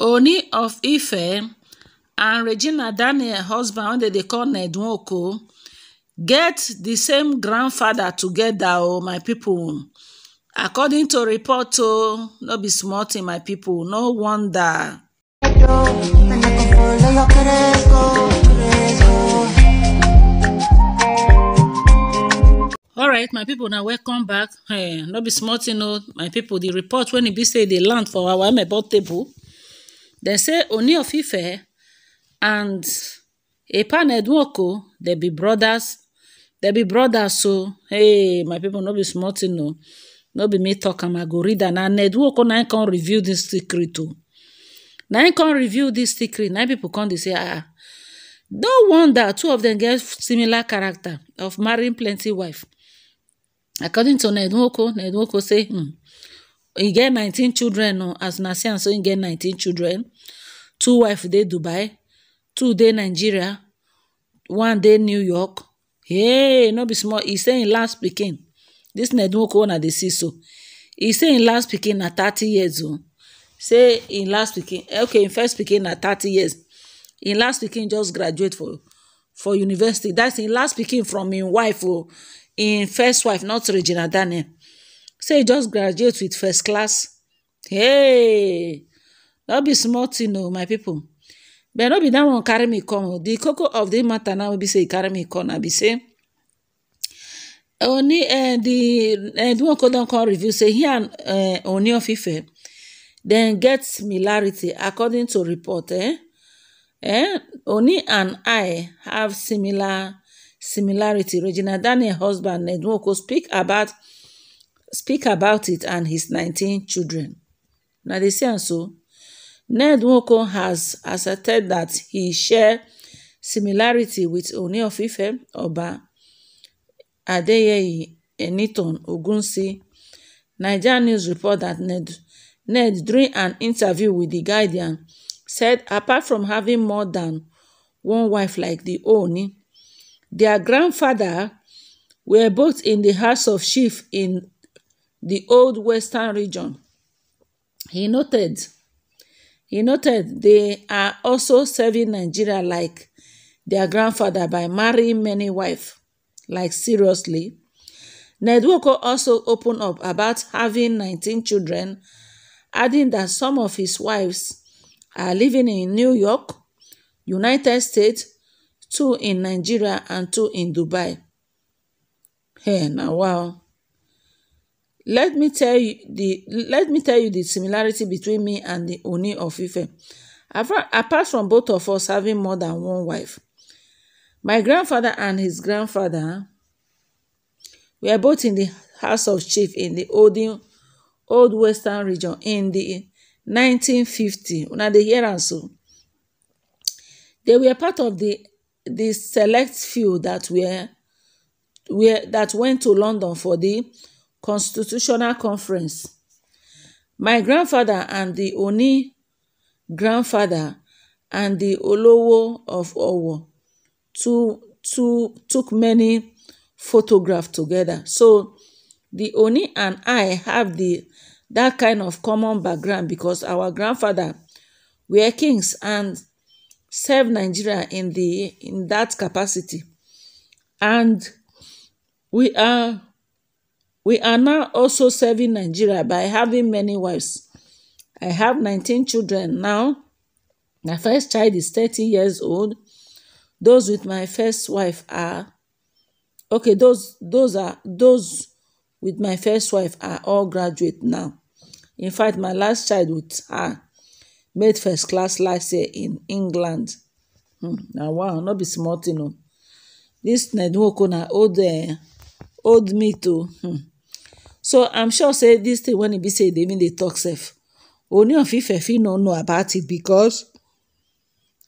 Ooni of Ife and Regina Daniel husband wey dem dey call Ned get the same grandfather together o oh, my people according to report o oh, no be small thing my people no wonder. All right, my pipo na welcome back hey, eh, no be small tin o oh, my people. The report when e be say they land for our amebo table They say Oni of Ife and Epan Edwoko, they be brothers. They be brothers, so hey, my people, no be small thing, no. No be me talk, am I go read am. And Edwoko na come review this secret too. Oh. Na come review this secret. Na people come dey say, ah, no wonder two of them get similar character of marrying plenty wife. According to Nedwoko, Nedwoko say, hmm, He get nineteen children o as una see am so he get nineteen children two wife dey dubai two dey nigeria one dey new york hey no be small He say im last pikin dis nednwoko una dey see so e say im last pikin na thirty years o say im last pikin okay im first pikin na thirty years im last pikin just graduate for for university that's im last pikin from im wife o im first wife not regina daniel say e just graduate with first class hey no be small thing, o my people. but no be that one carry me come The di koko of the matter now be say carry me come na be say oni di nwoke don come review say here and eh, oni of ife dem get similarity according to report eh eh oni and i have similar similarity regina daniel husband nwoke eh, speak about speak about it and his 19 children. Now they say am so. Ned Nwoko has asserted that he shares similarity with Oni of Ife, Oba Adeyeyi Eniton Ogunsi. Nigerian News report that Ned, Ned, during an interview with The Guardian, said apart from having more than one wife like the Oni, their grandfather were both in the House of Chief in the old western region. He noted he noted they are also serving Nigeria like their grandfather by marrying many wives. Like seriously. Nedwoko also opened up about having 19 children, adding that some of his wives are living in New York, United States, two in Nigeria and two in Dubai. Hey, now wow let me tell you the let me tell you the similarity between me and the Oni of Ife apart from both of us having more than one wife my grandfather and his grandfather were both in the House of Chief in the olden old western region in the 1950 una dey hear am so they were part of the the select few that were were that went to London for the Constitutional Conference. My grandfather and the Oni grandfather and the Olowo of Owo to, to, took many photographs together. So the Oni and I have the that kind of common background because our grandfather were kings and served Nigeria in the in that capacity. And we are We are now also serving Nigeria by having many wives. I have 19 children now. My first child is 30 years old. Those with my first wife are okay, those those are those with my first wife are all graduate now. In fact, my last child with her made first class last year in England. Hmm, na wow, not be small thing o. This Nedwoko na old uh, old meat o. Hmm so i'm sure say this thing when e be say e dey even dey talk sef oni of ife fit no know about it because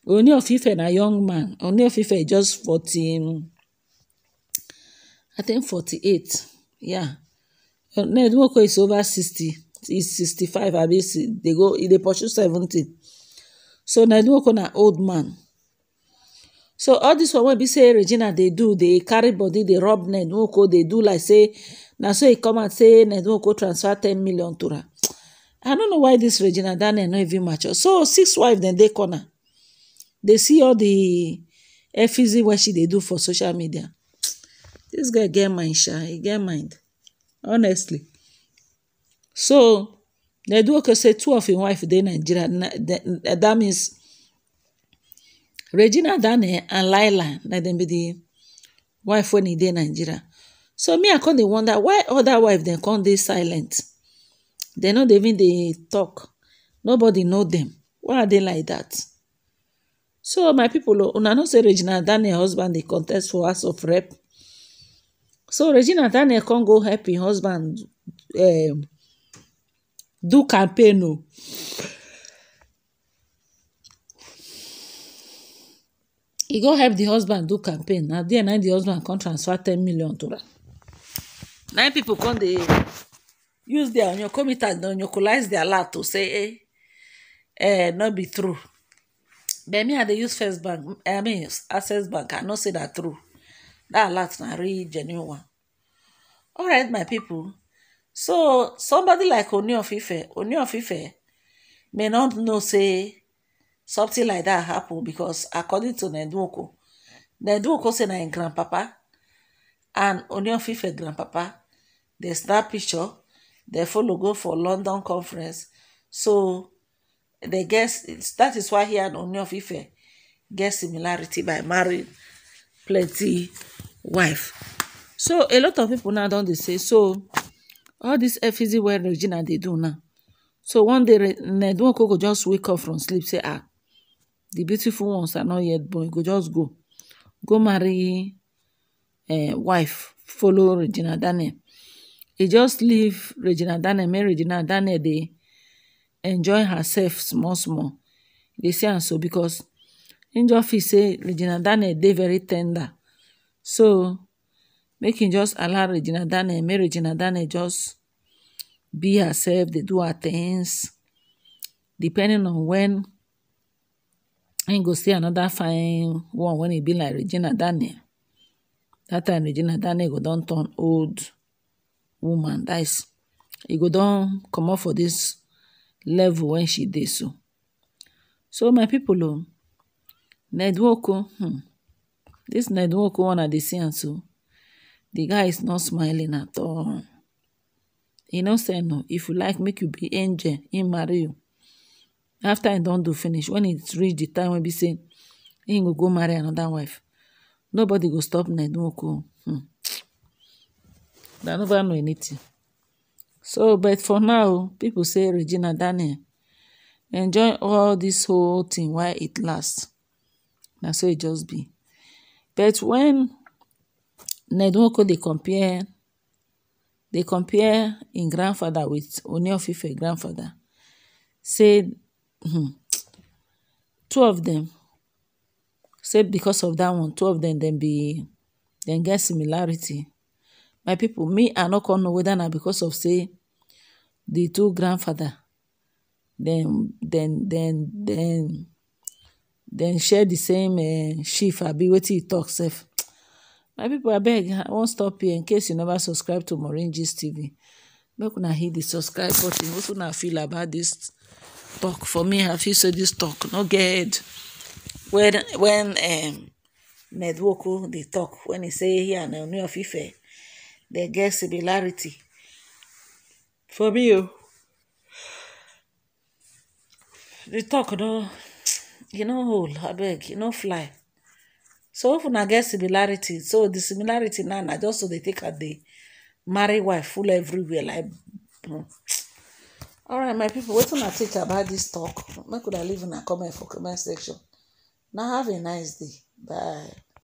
oni of ife na young man oni of ife just forty i think forty-eight yeah nedwoko is over sixty is sixty-five abi dey go e dey pursue seventy so nedwoko na old man so all this one wey be say regina dey do dey carry body dey rub nedwoko dey do like say na so e come out say na go transfer ten million tora i no know why dis regina daniel no even mature so six wife dem dey corner dey see all di effing wey she dey do for social media dis guy get mind sha e get mind honestly so na say two of im wife dey nigeria na dat means regina daniel and laila na dem be di wife wen e dey nigeria. so me i con dey wonder why other wife dem con dey silent dem no dey even dey talk nobody know dem why dey like dat so my pipo oh, una know say regina daniel husband dey contest for house of rep so regina daniel kon go help im husband um, do campaign o oh. e go help di husband do campaign na there na di husband come transfer ten million. to na people come dey use their onyokomita and onyokolize their lot to say eh eh no be true but me i dey use first bank i mean access bank i know say na true that alert na real genuine one right, my people so somebody like oni of ife oni may not know say something like that happen because according to nedwoko nedwoko say na im grandpapa and oni of grandpapa dey snap picture dey follow go for london conference so they guess that is why he and Ooni of Ife get similarity by marrying plenty wife so a lot of people now don dey say so all this Efcc wey Regina dey do now so one day Ned Nwoko go just wake up from sleep say ah the beautiful ones are not yet born go just go go marry uh, wife follow Regina Daniel He just leave regina daniel make regina daniel dey enjoy herself small small e dey see am so because him just feel say regina daniel dey very tender so make him just allow regina daniel make regina daniel just be herself dey do her things depending on when him go see another fine one when he be like regina daniel that time regina daniel go don turn old woman that is e go don comot for this level when she dey so so my people o nedwoko hmm, dis nedwoko one i dey see am so the guy is not smiling at all He no say no if you like make you be angel He marry you after him don do finish when e reach the time wey be say he go go marry another wife nobody go stop nedwoko hmm. I never know anything. So, but for now, people say Regina Daniel, enjoy all this whole thing while it lasts. Na so it just be. But when Ned Nwoko dey compare, dey compare im grandfather with Ooni grandfather, say hmm, two of them, say because of that one, two of them dem be dem get similarity my people me i no come know whether na because of say the two grandfather dem dem dem dem dem share the same uh, eh, sheaf abi wetin e talk sef my people abeg i wan stop here in case you never subscribe to maureen gist tv make una hit the subscribe button what una feel about this talk for me i feel say this talk no get when when um, eh, nedwoko dey talk when e say here and ooni of ife they get similarity for me oh, the talk no you know, hold abeg e no fly so if una get similarity so the similarity now na just so they take am the marry wife full everywhere like right, my pipo wetin i take about this talk could I leave una comment for comment section Now have a nice day bye